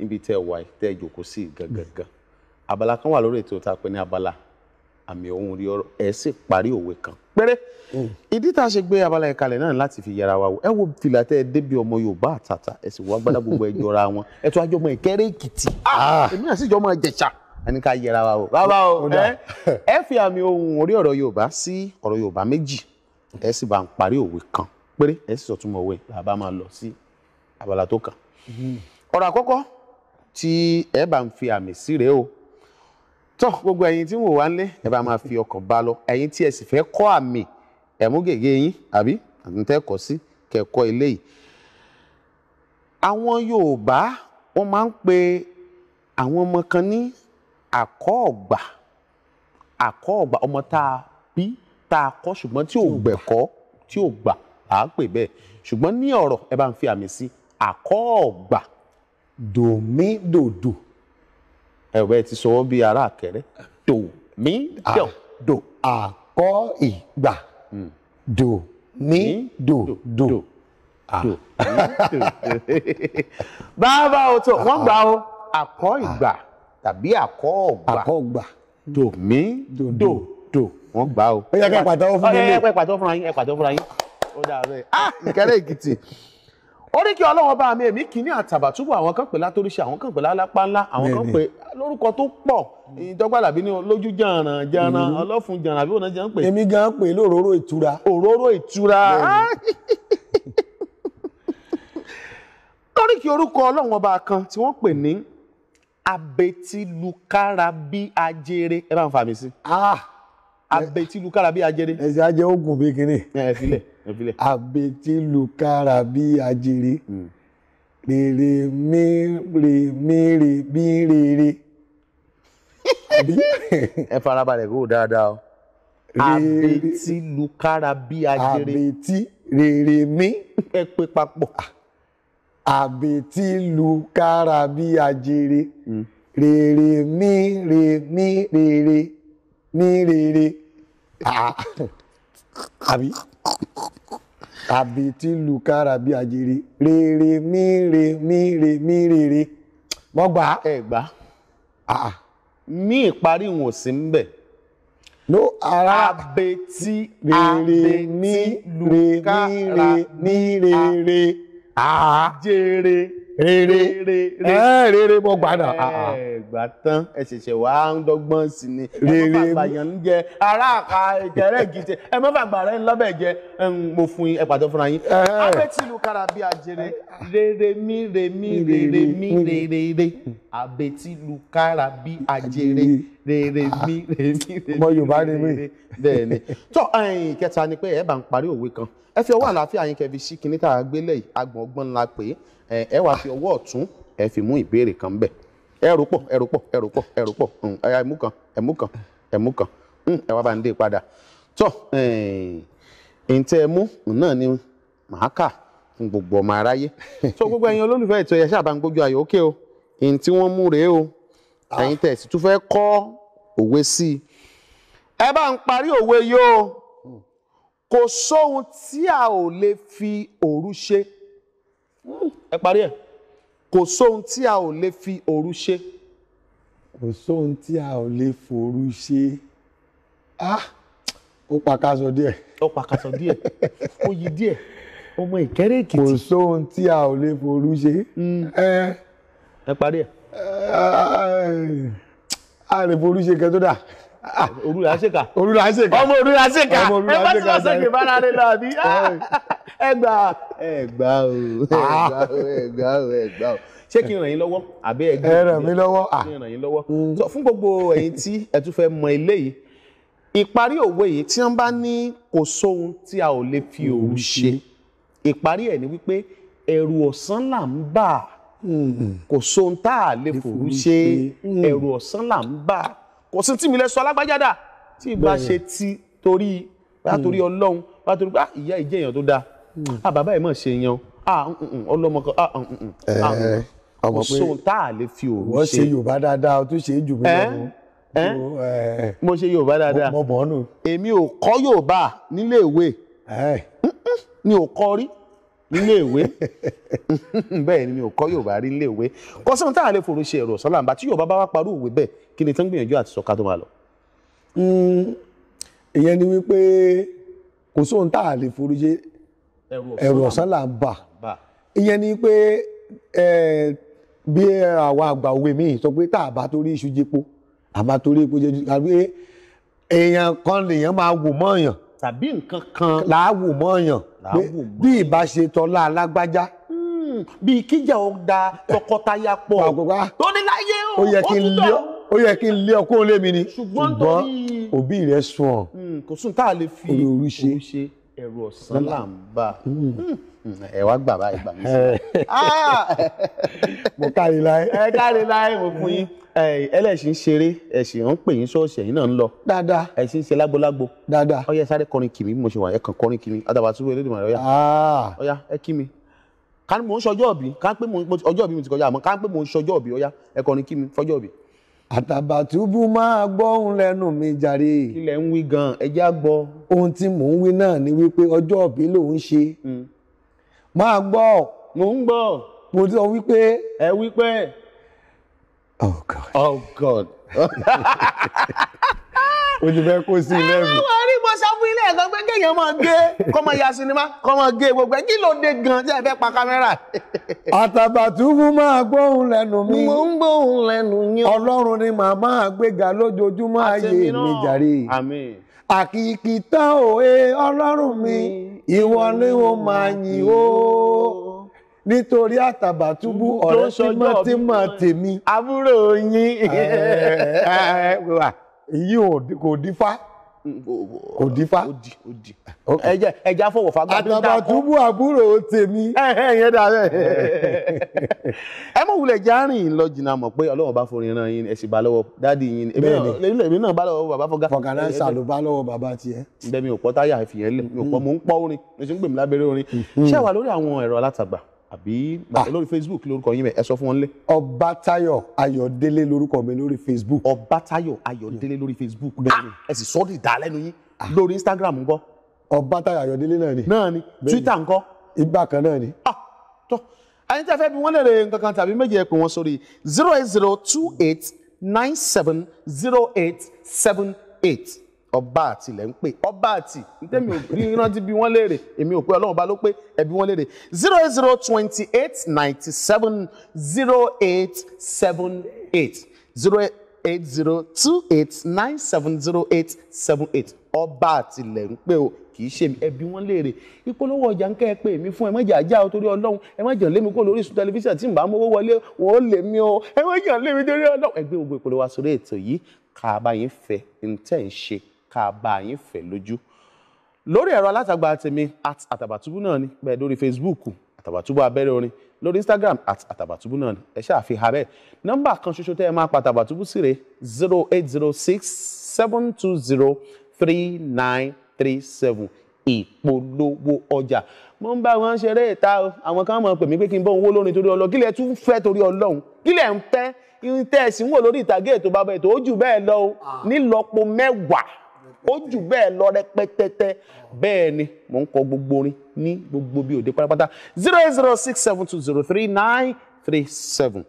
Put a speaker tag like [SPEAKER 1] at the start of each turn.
[SPEAKER 1] níbi tẹ́ wà tẹ́ jókòó sí gangan abala kan wà lórí ètò tá a pè ní abala àmì ohun rí ọ̀rọ̀ ẹ sì parí òwe kan péré hmm. ìdí tá a ṣe gbé abala yẹn kalẹ̀ náà láti fi yẹra wa wò ẹ wo fìlà tẹ ẹ débi ọmọ yorùbá àtàtà ẹ sì wọ agbádá gbogbo ẹ jọra wọn ẹ tún ajọmọ ìkẹrẹ èkìtì ah! Ah! èmi náà sì jọmọ ìjẹ̀ṣà ẹni ká yẹra wa wò bàbá o ẹ fi àmì ohun orí ọ̀rọ̀ yorùbá sí ọ̀rọ̀ yorùbá méjì ẹ sì bá ń parí òwe kan péré ẹ sì sọ túmọ̀ òwe làbá máa lọ sí abala tó kàn. Hmm ọ̀rọ̀ àkọ́kọ́ tí ẹ bá ń fi àmì sí rèé o tó gbogbo ẹ̀yin tí ń wò wá ńlé ẹ bá máa fi ọkàn bá lọ ẹ̀yin tí ẹ sì fẹ́ kọ́ àmì ẹ mú gègé yín àbí àtúntẹ́ kọ́ sí kẹ́kọ́ eléyìí àwọn Yorùbá wọ́n máa ń pe àwọn ọmọ kan ní àkọ́ọ̀gbà àkọ́ọ̀gbà ọmọ tá a bí tá a kọ́ ṣùgbọ́n tí ò gbẹ̀kọ́ tí ò gbà là bẹ́ẹ̀ ṣùgbọ́n ní ọ̀rọ̀ ẹ bá ń fi àmì sí àkọ́ọ̀gbà dòmídòdò. ẹ̀wẹ̀ ti sọ wọ́n bí ará àkẹ́rẹ́ do àkọ́ ìgbà hmm. dòmídòdò. Ah. bàbá o tó wọ́n gbà o àkọ́ ìgbà tàbí àkọ́ ọ̀gbà. àkọ́ ọ̀gbà do wọ́n gbà o. ó yẹ kẹ́ pàtó fún mi. ó yẹ kẹ́ pàtó fúnra yín ẹ pàtó fúnra yín. ó dáa bẹ́ẹ̀. ah Ìkẹ́rẹ́ Èkìtì oríkì ọlọ́wọ́n bá mi èmi kìíní àtàbàtúbù àwọn kan pè látoríṣe àwọn kan pè lálápá ńlá àwọn kan pè lórúkọ tó pọ̀ ìdọ́gbàlàbí ní lójú jàǹràn jàǹràn ọlọ́fun jàǹràn àbí òun náà jẹ́ ń pè. èmi gan pè lóróró ìtura. òróró ìtura. oríkì orúkọ ọlọ́wọ́n bá kan tí wọ́n pè ní abetilukarabíajere ẹ bá ń fa mi sí. Ah! abetilukarabíajere. ẹ̀sìn ajẹ́ oògùn bí kinní. ẹ̀ sílẹ̀ àbètí lùkàrà bí ajere mi mèrèmèrè bí hmm. rèrè. ẹ farabalẹ̀ kó o dáadáa o. àbètí lùkàrà bí ajere. àbètí rèrè mí. ẹ pé papọ̀. Ah. àbètí lùkàrà bí ajere mi hmm. mí mi rèrè mí rèrè ah. àbí àbí tí lu kára bí àjèrè rèrè mí rè mí rè mí rèrè mọ́ gbà. ẹ gbà ah, ah. mí ìparí wọn ò sí ń bẹ̀. ló ara abetí abetí lu kára ní rèrè jèrè. Ah rere rere rere mo gbà náà. ẹgbà ah, ah. tán ẹ ṣẹ̀ṣẹ̀ wá ń dọ́gbọ́n sí ni ẹ má fàgbà yàn ń jẹ ará àka ìjẹrẹ gidi ẹ má fàgbà rẹ ń lọ́bẹ̀ jẹ mo fún yín ẹ pàtó fúnra yín. abẹ́tìlú karabi àjèrè rere mi remi rere mi rere abẹ́tìlú karabi àjèrè rere mi remi rere ọmọ Yorùbá ni mí. bẹ́ẹ̀ ni tọ́ kẹta ni pé ẹ bá ń parí òwe kan ẹ fi ọwọ́ àlàáfíà yín kẹ́ fi ṣí kinní tá a gbélé àgbọ̀n ọgbọ́n la pè ẹ wàá fi ọwọ́ ọ̀tún ẹ fi mú ìbéèrè kan bẹ̀ ẹrù pọ̀ ẹrù pọ̀ ẹrù pọ̀ ẹrù pọ̀ mm, ẹmú kan ẹmú kan ẹmú kan mm, ẹ wá bá ń dé padà tọ́ ǹtẹ́ ẹmú náà ni màá kà fún gbogbo ọmọ aráyé tó gbogbo ẹ̀yin olólùfẹ́ ètò ẹ̀yà sábà ń gbójú ayò òkè o ẹ̀yin tí wọ́n mú rèé o ah. ẹ̀yin tẹ̀ sì tún fẹ́ kọ́ òwe sí i ẹ bá ń parí òwe yóò kò sóhun tí a ò lè fi òru ṣe. Hmm ẹ parí ẹ̀ kò sóhun tí a ò lè fi òru ṣe. kò sóhun tí a ò lè fòru ṣe ah ó pàkàṣọ díẹ̀. ó pàkàṣọ díẹ̀ ó yí díẹ̀ ọmọ ìkẹ́rẹ́ èkìtì. kò sóhun tí a ò lè fòru ṣe. Hmm. ẹ parí ẹ̀. a lè fòru ṣe kẹ́ tó olùrà ṣèkà olùrà ṣèkà ọmọ olùrà ṣèkà ẹ bá ti lọ sọkè bára rẹ lọ ah, ah. o ẹ gbà o ẹ gbà o ṣé kí n ràn yín lọ́wọ́ àbí ẹ gbé ẹ ràn mí lọ́wọ́ à ah. kí n ràn yín lọ́wọ́ fún gbogbo ẹ̀yin tí ẹ tún fẹ́ mọ eléyìí ìparí òwe yìí tí wọ́n bá ní kò sóhun tí a ò lè fi òru mm-hmm. ṣe ìparí ẹ̀ ni wípé ẹ̀rù ọ̀sán là ń bà mm-hmm. kò sóhun tá a lè fòru ṣe mm-hmm. ẹ̀rù ọ̀sán là ń bà kò sí tí mi lẹ sọ alágbájádà tí ìbá ṣe ti torí bá hmm. torí ọlọ́run bá torí bá ah, ìyá ìjẹ́ èèyàn tó dáa à hmm. ah, bàbá ẹ̀ mọ̀ ṣe yan à ah, ọlọ́mọ kan à ọmọ eh, pé òṣùn tá a lè fi òru ṣe wọ́n ṣe Yorùbá dáadáa o tún ṣe é jù mí lọ́wọ́ eh? eh? mo ṣe Yorùbá dáadáa mo mọ̀ ọ́nù èmi ò kọ́ Yorùbá nílé ìwé mi ò kọ́ rí nílé ìwé bẹ́ẹ̀ ni mi ò kọ́ Yorùbá rí nílé ìwé kọ́ sọ́n táà lè fòrò ṣe ẹ̀rọ sọ́lá àǹbá tí Yorùbá bá wá parú òwe bẹ́ẹ̀ kí ni tó ń gbìyànjú àti sọ́ka tó máa lọ. Hmm, ìyẹn ni wípé kò sóhun táà lè fòrò ṣe ẹ̀rọ sọ́lá ń bà ìyẹn ni pé bí àwọn àgbà òwe míì sọ pé tá bá torí iṣu jẹpo a torí epo jẹjú àbí èèyàn kan lèèyàn máa wò mọ́ tàbí nǹkan kan là wò mọ́ bí ìbá ṣe tọ́lá alágbájá hmm, bí kíjà ó da tọkọtaya pọ̀ tó ní láyé ó tún lọ ó yẹ kí n lé ọkọ olé mi ni ṣùgbọ́n òbí rẹ̀ sùn ọ̀ hmm, kò sùn tá a lè fi òru ṣe ẹ̀rù ọ̀sán là ń bà hmm. ẹ wá gbà báyìí gbà mí sí. Ah! mo káre láyé. ẹ káre láyé mo fún yín ẹlẹ́sìn ṣeré ẹ̀sìn ń pè yín ṣọ́ọ̀ṣì ẹ̀yin náà ń lọ. dáadáa ẹ̀sìn ṣe lágbolágbo. dáadáa ọyá sáré kọrin kìmí mo ṣe wà ẹ kàn kọrin kìmí Àtàbàtúbú Elédùmarè ọyá ọyá ah. ẹ kí mi ká ní mò ń ṣọjọ́ òbí ká pé ọjọ́ òbí mi ti kọjá àmọ́ ká pé mò ń ṣọjọ́ òbí ọyá ẹ kọrin kí mi fọjọ́ òbí. Àtàbàtúbú máa gbọ́ ohun lẹ́nu mi jàre. kílẹ̀ ń wí gan ẹ já gbọ́. ohun tí mò ń wí náà ni wípé ọjọ́ òbí lòun ṣe. Hmm. máa gbọ́. mò ń gbọ́. mo ti sọ wípé. ẹ wípé. Oh God. Oh God. Ojú fẹ́ kó sí ilé mi. Ẹ wọ́n rí bọ́sà fún ilé ẹ̀kan pé kéèyàn máa gé kọ́ máa ya sinimá kọ́ máa gé gbogbo ẹ̀ kí ló dé gan tí ẹ fẹ́ pa kámẹ́rà. Àtàbàtúbú máa gbóhùn lẹ́nu mi. Mo ń gbóhùn lẹ́nu yín. Ọlọ́run ni màmá àgbéga lójoojúmọ́ ayé mi jàre. Àmín. Àkìkì tán òye Ọlọ́run mi, ìwọ ni ó máa yìn ó nítorí àtàbàtúbú ọ̀rẹ́ tímọ́tímọ́ tèmi. àbúrò yín. èyí kò dífá. kò dífá. ẹjẹ ẹjẹ afọwọfà gbàdúrà kọ. àtàbàtúbú àbúrò tèmi. ẹyẹ dàbẹ. ẹ mọ̀ wulẹ̀ járìn lọ jìnnà mọ̀ pé ọlọ́run bá forin ran yín ẹ sì bá lọ́wọ́ dáàdi yín ni. bẹ́ẹ̀ni èmi náà bá lọ́wọ́ bàbá fọgá. fọkànlá ń sàlù bá lọ́wọ́ bàbá tiẹ̀. bẹ́ẹ̀ mi ò pọ́ táyà ìfìyẹ́lẹ̀ mi ò pọ́ mò ń pọ́ orin mo sì ń gbèmí lábẹ́rẹ́ orin. Hmm. ṣé wà lórí àwọn ẹ̀rọ alátagbà àbí ah. lórí facebook lórúkọ yín bẹ ẹ sọ fún wọn lé. ọbátayọ̀ ayọ̀délé lórúkọ mi lórí facebook. ọbátayọ̀ ayọ̀délé lórí facebook náà ah, ni ẹ sì sọ di ìdálẹ́nu yín ah. lórí instagram ńkọ́. ọbátayọ̀ ayọ̀délé náà ni. náà ni twitter ńkọ́. ìgbà kan náà ni. ah tọ́ ẹni tí a fẹ́ bi wọ́n léèrè nǹkan kan tàbí méje ẹ pè wọ́n sórí zero eight zero two eight nine seven zero eight seven eight ọba àti ilẹ̀ ń pè ọba àti ntẹ́mi ò rí rántí bí wọ́n léèrè èmi ò pé ọlọ́run bá ló pé ẹbí wọ́n léèrè zero eight zero twenty eight ninety seven zero eight seven eight zero eight zero two eight nine seven zero eight seven eight ọba àti ilẹ̀ ń pè o kì í ṣe ẹbí wọ́n léèrè ìpolówó ọjà ń kẹ́ ẹ pé èmi fún ẹ ajá o torí ọlọ́run ẹ lémi kó lórí Orísun tẹlifíṣàn tí n bá mówó wọlé wọn lè mí o ẹ lémi torí ọlọ́run ẹgbẹ́ gbogbo ìpolówó aṣọ ká bá yín fẹ̀ lójú lórí ẹ̀rọ alátagbà tèmi at àtàbàtúbú náà ni bẹ́ẹ̀ lórí facebook àtàbàtúbú abẹ́rẹ́ orin lórí instagram at àtàbàtúbú náà ni ẹ ṣáà fi ha bẹ́ẹ̀ nọ́mbà kan ṣoṣo tẹ́ ẹ máa pa àtàbàtúbú sí rẹ̀ zero eight zero six seven two zero three nine three seven ìpolówó ọjà mo ń bá wọn ṣeré ìta o àwọn kan mọ̀ pè mí pé kí n bọ́ owó lórin torí ọlọ́ kílẹ̀ tún fẹ́ torí ọlọ́run kílẹ̀ ń fẹ́ tẹ́ ẹ̀ sì ń wò lórí ìtàgé ètò bàbá ètò ó jù bẹ́ẹ̀ lọ o ah. nílọ́po mẹ́wàá ó jù bẹ́ẹ̀ lọ rẹpẹtẹtẹ bẹ́ẹ̀ ni mò ń kọ gbogbo orin ní gbogbo bí òde pátápátá zero eight zero six seven two zero three nine three seven.